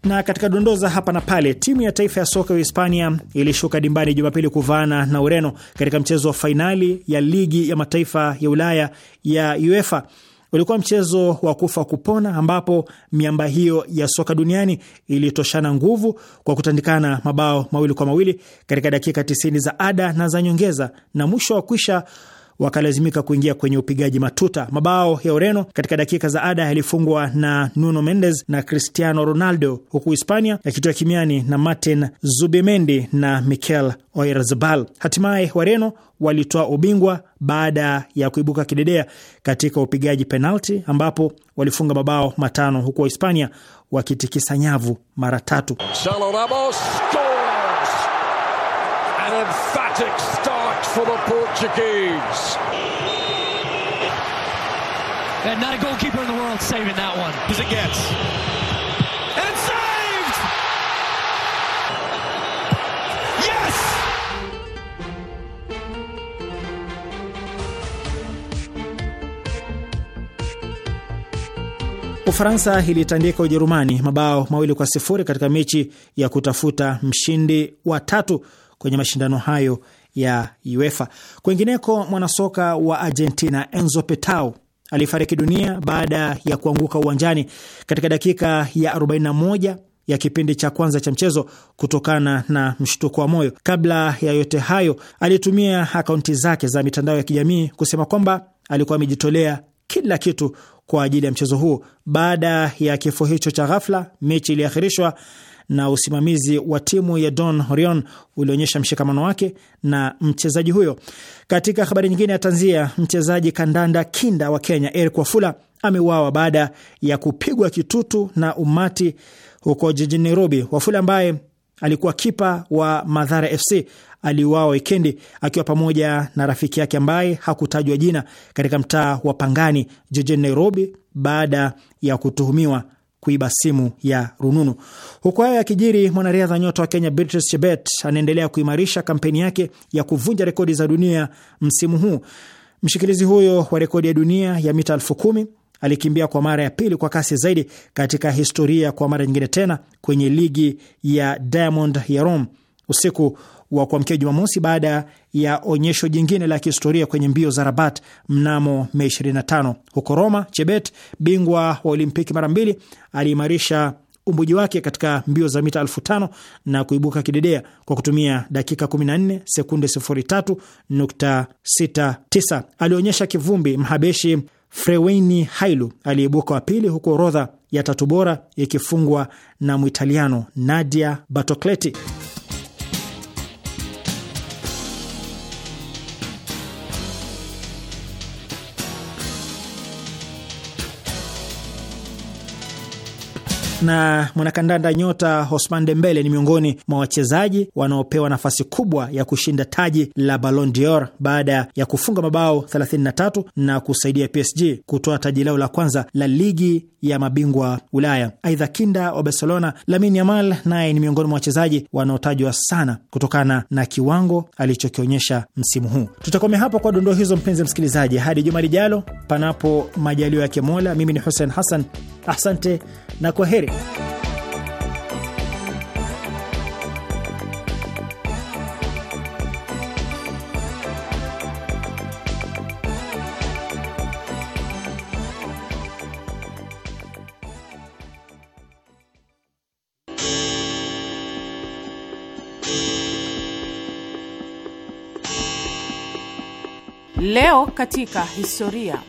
Na katika dondoza hapa na pale, timu ya taifa ya soka ya Hispania ilishuka dimbani Jumapili kuvaana na Ureno katika mchezo wa fainali ya ligi ya mataifa ya Ulaya ya UEFA. Ulikuwa mchezo wa kufa kupona, ambapo miamba hiyo ya soka duniani ilitoshana nguvu kwa kutandikana mabao mawili kwa mawili katika dakika 90 za ada na za nyongeza, na mwisho wa kwisha wakalazimika kuingia kwenye upigaji matuta. Mabao ya Ureno katika dakika za ada yalifungwa na Nuno Mendes na Cristiano Ronaldo, huku Hispania yakitoa kimiani na Martin Zubimendi na Mikel Oyarzabal. Hatimaye Wareno walitoa ubingwa baada ya kuibuka kidedea katika upigaji penalti, ambapo walifunga mabao matano, huku Wahispania wakitikisa nyavu mara tatu. Dramatic start for the Portuguese. And not a goalkeeper in the world saving that one. Because it gets. And saved! Yes! Ufaransa ilitandika Ujerumani mabao mawili kwa sifuri katika mechi ya kutafuta mshindi wa tatu kwenye mashindano hayo ya UEFA. Kwingineko, mwanasoka wa Argentina Enzo Petao alifariki dunia baada ya kuanguka uwanjani katika dakika ya 41 ya kipindi cha kwanza cha mchezo kutokana na mshtuko wa moyo. Kabla ya yote hayo, alitumia akaunti zake za mitandao ya kijamii kusema kwamba alikuwa amejitolea kila kitu kwa ajili ya mchezo huo. Baada ya kifo hicho cha ghafla, mechi iliahirishwa na usimamizi wa timu ya Don Horion ulionyesha mshikamano wake na mchezaji huyo. Katika habari nyingine ya tanzia, mchezaji kandanda kinda wa Kenya Eric Wafula ameuawa baada ya kupigwa kitutu na umati huko jijini Nairobi. Wafula ambaye alikuwa kipa wa Madhara FC aliuawa wikendi akiwa pamoja na rafiki yake ambaye hakutajwa jina katika mtaa wa Pangani jijini Nairobi baada ya kutuhumiwa kuiba simu ya rununu. Huku hayo yakijiri, mwanariadha nyota wa Kenya Beatrice Chebet anaendelea kuimarisha kampeni yake ya kuvunja rekodi za dunia msimu huu. Mshikilizi huyo wa rekodi ya dunia ya mita elfu kumi alikimbia kwa mara ya pili kwa kasi zaidi katika historia kwa mara nyingine tena kwenye ligi ya Diamond ya Rome usiku wa kuamkia Jumamosi baada ya onyesho jingine la kihistoria kwenye mbio za Rabat mnamo Mei 25. Huko Roma, Chebet, bingwa wa Olimpiki mara mbili, aliimarisha umbuji wake katika mbio za mita elfu tano na kuibuka kidedea kwa kutumia dakika 14 sekunde 03.69. Alionyesha kivumbi Mhabeshi Freweni Hailu aliyeibuka wa pili, huku orodha ya tatu bora ikifungwa na Mwitaliano Nadia Batocleti. na mwanakandanda nyota Osman Dembele ni miongoni mwa wachezaji wanaopewa nafasi kubwa ya kushinda taji la Ballon d'Or baada ya kufunga mabao 33 na kusaidia PSG kutoa taji lao la kwanza la ligi ya mabingwa Ulaya. Aidha, kinda wa Barcelona Lamine Yamal naye ni miongoni mwa wachezaji wanaotajwa sana kutokana na kiwango alichokionyesha msimu huu. Tutakomea hapo kwa dondoo hizo, mpenzi msikilizaji, hadi juma lijalo, panapo majalio yake Mola. Mimi ni Hussein Hassan, asante na kwa heri. Leo katika historia.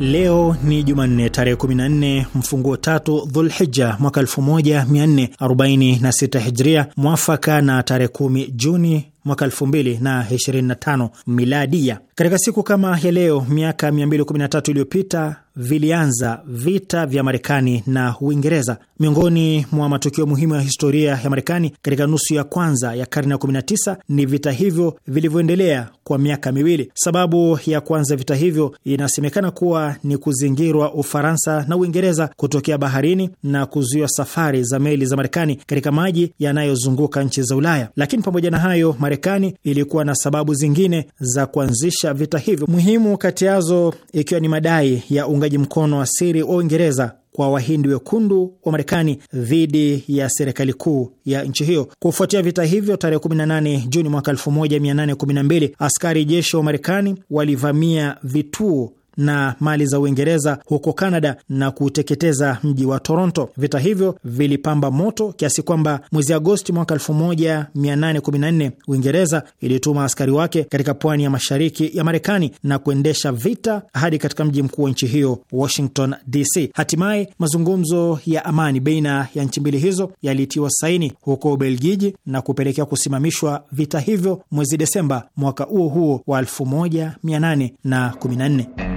Leo ni Jumanne tarehe 14 mfunguo tatu Dhulhija mwaka 1446 Hijria, mwafaka na tarehe 10 Juni mwaka 2025 miladia. Katika siku kama ya leo miaka 213 iliyopita vilianza vita vya Marekani na Uingereza. Miongoni mwa matukio muhimu ya historia ya Marekani katika nusu ya kwanza ya karne ya 19 ni vita hivyo vilivyoendelea kwa miaka miwili. Sababu ya kwanza vita hivyo inasemekana kuwa ni kuzingirwa Ufaransa na Uingereza kutokea baharini na kuzuiwa safari za meli za Marekani katika maji yanayozunguka nchi za Ulaya. Lakini pamoja na hayo Marekani ilikuwa na sababu zingine za kuanzisha vita hivyo, muhimu kati yazo ikiwa ni madai ya uungaji mkono wa siri wa Uingereza kwa wahindi wekundu wa Marekani dhidi ya serikali kuu ya nchi hiyo. Kufuatia vita hivyo, tarehe 18 Juni mwaka 1812 askari jeshi wa Marekani walivamia vituo na mali za Uingereza huko canada na kuteketeza mji wa Toronto. Vita hivyo vilipamba moto kiasi kwamba mwezi Agosti mwaka 1814 Uingereza ilituma askari wake katika pwani ya mashariki ya Marekani na kuendesha vita hadi katika mji mkuu wa nchi hiyo Washington DC. Hatimaye mazungumzo ya amani baina ya nchi mbili hizo yalitiwa saini huko Ubelgiji na kupelekea kusimamishwa vita hivyo mwezi Desemba mwaka huo huo wa 1814.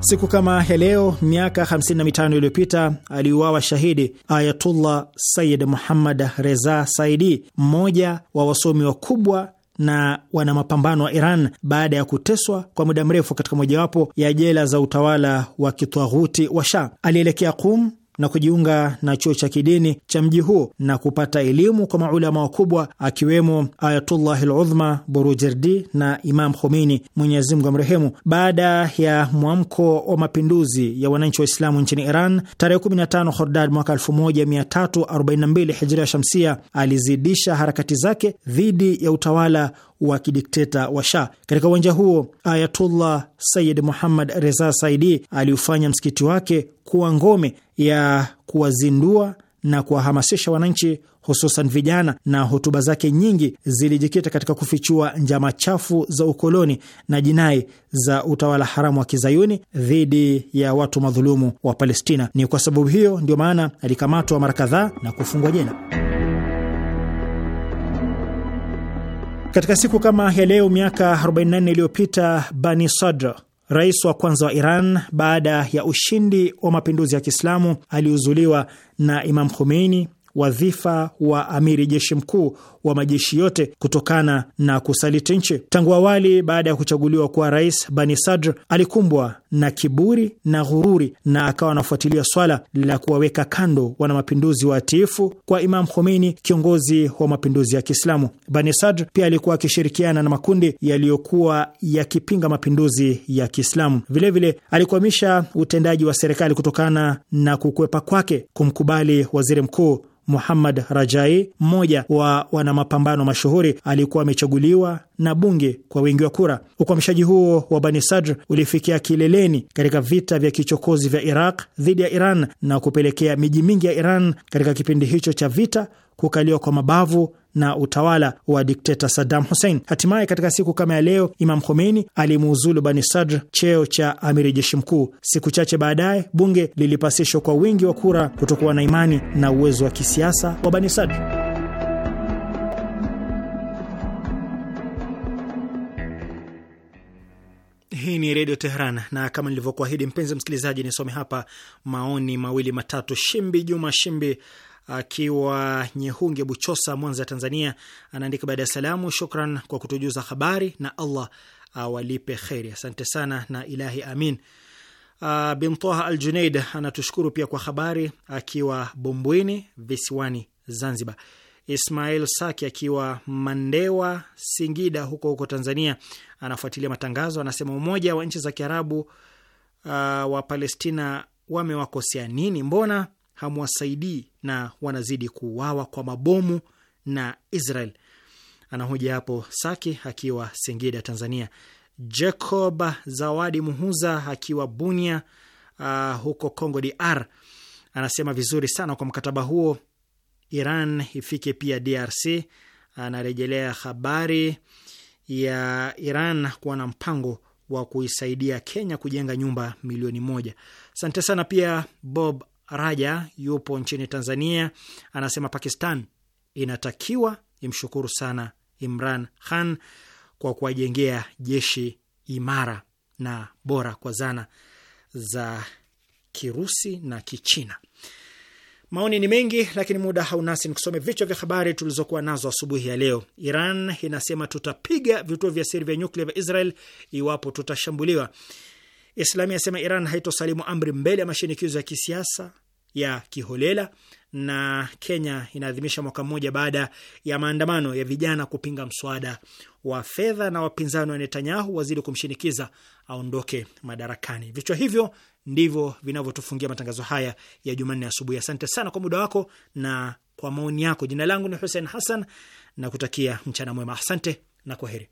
Siku kama ya leo miaka 55 iliyopita aliuawa shahidi Ayatullah sayid Muhammad Reza Saidi, mmoja wa wasomi wakubwa na wana mapambano wa Iran baada ya kuteswa kwa muda mrefu katika mojawapo ya jela za utawala wa kitwaghuti wa Shah. Alielekea Qum na kujiunga na chuo cha kidini cha mji huo na kupata elimu kwa maulama wakubwa akiwemo Ayatullah Ludhma Borujerdi na Imam Khomeini, Mwenyezi Mungu amrehemu. Baada ya mwamko wa mapinduzi ya wananchi wa Islamu nchini Iran tarehe 15 Hordad mwaka 1342 Hijria Shamsia, alizidisha harakati zake dhidi ya utawala wa kidikteta wa Shah. Katika uwanja huo Ayatullah Sayid Muhammad Reza Saidi aliufanya msikiti wake kuwa ngome ya kuwazindua na kuwahamasisha wananchi hususan vijana, na hotuba zake nyingi zilijikita katika kufichua njama chafu za ukoloni na jinai za utawala haramu wa kizayuni dhidi ya watu madhulumu wa Palestina. Ni kwa sababu hiyo ndio maana alikamatwa mara kadhaa na kufungwa jela. Katika siku kama ya leo miaka 44 iliyopita Bani Sadra, rais wa kwanza wa Iran baada ya ushindi wa mapinduzi ya Kiislamu aliuzuliwa na Imam Khomeini wadhifa wa amiri jeshi mkuu wa majeshi yote kutokana na kusaliti nchi. Tangu awali, baada ya kuchaguliwa kuwa rais, Bani Sadr alikumbwa na kiburi na ghururi na akawa anafuatilia swala la kuwaweka kando wana mapinduzi watiifu kwa Imam Khomeini, kiongozi wa mapinduzi ya Kiislamu. Bani Sadr pia alikuwa akishirikiana na makundi yaliyokuwa yakipinga mapinduzi ya Kiislamu. Vilevile alikwamisha utendaji wa serikali kutokana na kukwepa kwake kumkubali waziri mkuu Muhammad Rajai, mmoja wa wana mapambano mashuhuri alikuwa amechaguliwa na bunge kwa wingi wa kura. Ukwamishaji huo wa Bani Sadr ulifikia kileleni katika vita vya kichokozi vya Iraq dhidi ya Iran na kupelekea miji mingi ya Iran katika kipindi hicho cha vita kukaliwa kwa mabavu na utawala wa dikteta Saddam Hussein. Hatimaye katika siku kama ya leo, Imam Khomeini alimuuzulu Bani Sadr cheo cha amiri jeshi mkuu. Siku chache baadaye, bunge lilipasishwa kwa wingi wa kura kutokuwa na imani na uwezo wa kisiasa wa Bani Sadr. Hii ni Redio Teheran, na kama nilivyokuahidi, mpenzi msikilizaji, nisome hapa maoni mawili matatu. Shimbi Juma Shimbi akiwa Nyehunge, Buchosa, Mwanza, Tanzania, anaandika baada ya salamu, shukran kwa kutujuza habari na Allah awalipe kheri. Asante sana na ilahi amin. Ah, Bintoha Al Junaid anatushukuru pia kwa habari akiwa Bumbwini visiwani Zanzibar. Ismail Saki akiwa Mandewa, Singida huko huko Tanzania anafuatilia matangazo, anasema umoja wa nchi za Kiarabu uh, wa Palestina wamewakosea nini? Mbona hamwasaidii na wanazidi kuuawa kwa mabomu na Israel? Anahoja hapo Saki akiwa Singida, Tanzania. Jacob Zawadi Muhuza akiwa Bunia uh, huko Congo DR anasema vizuri sana kwa mkataba huo Iran ifike pia DRC. Anarejelea habari ya Iran kuwa na mpango wa kuisaidia Kenya kujenga nyumba milioni moja. Asante sana. Pia Bob Raja yupo nchini Tanzania, anasema Pakistan inatakiwa imshukuru sana Imran Khan kwa kuwajengea jeshi imara na bora kwa zana za Kirusi na Kichina. Maoni ni mengi, lakini muda haunasi. Nikusome vichwa vya habari tulizokuwa nazo asubuhi ya leo. Iran inasema tutapiga vituo vya siri vya nyuklia vya Israel iwapo tutashambuliwa. Islami yasema Iran haitosalimu amri mbele ya mashinikizo ya kisiasa ya kiholela. Na Kenya inaadhimisha mwaka mmoja baada ya maandamano ya vijana kupinga mswada wa fedha, na wapinzani wa Netanyahu wazidi kumshinikiza aondoke madarakani. Vichwa hivyo ndivyo vinavyotufungia matangazo haya ya Jumanne asubuhi. Asante sana kwa muda wako na kwa maoni yako. Jina langu ni Hussein Hassan na kutakia mchana mwema. Asante na kwa heri.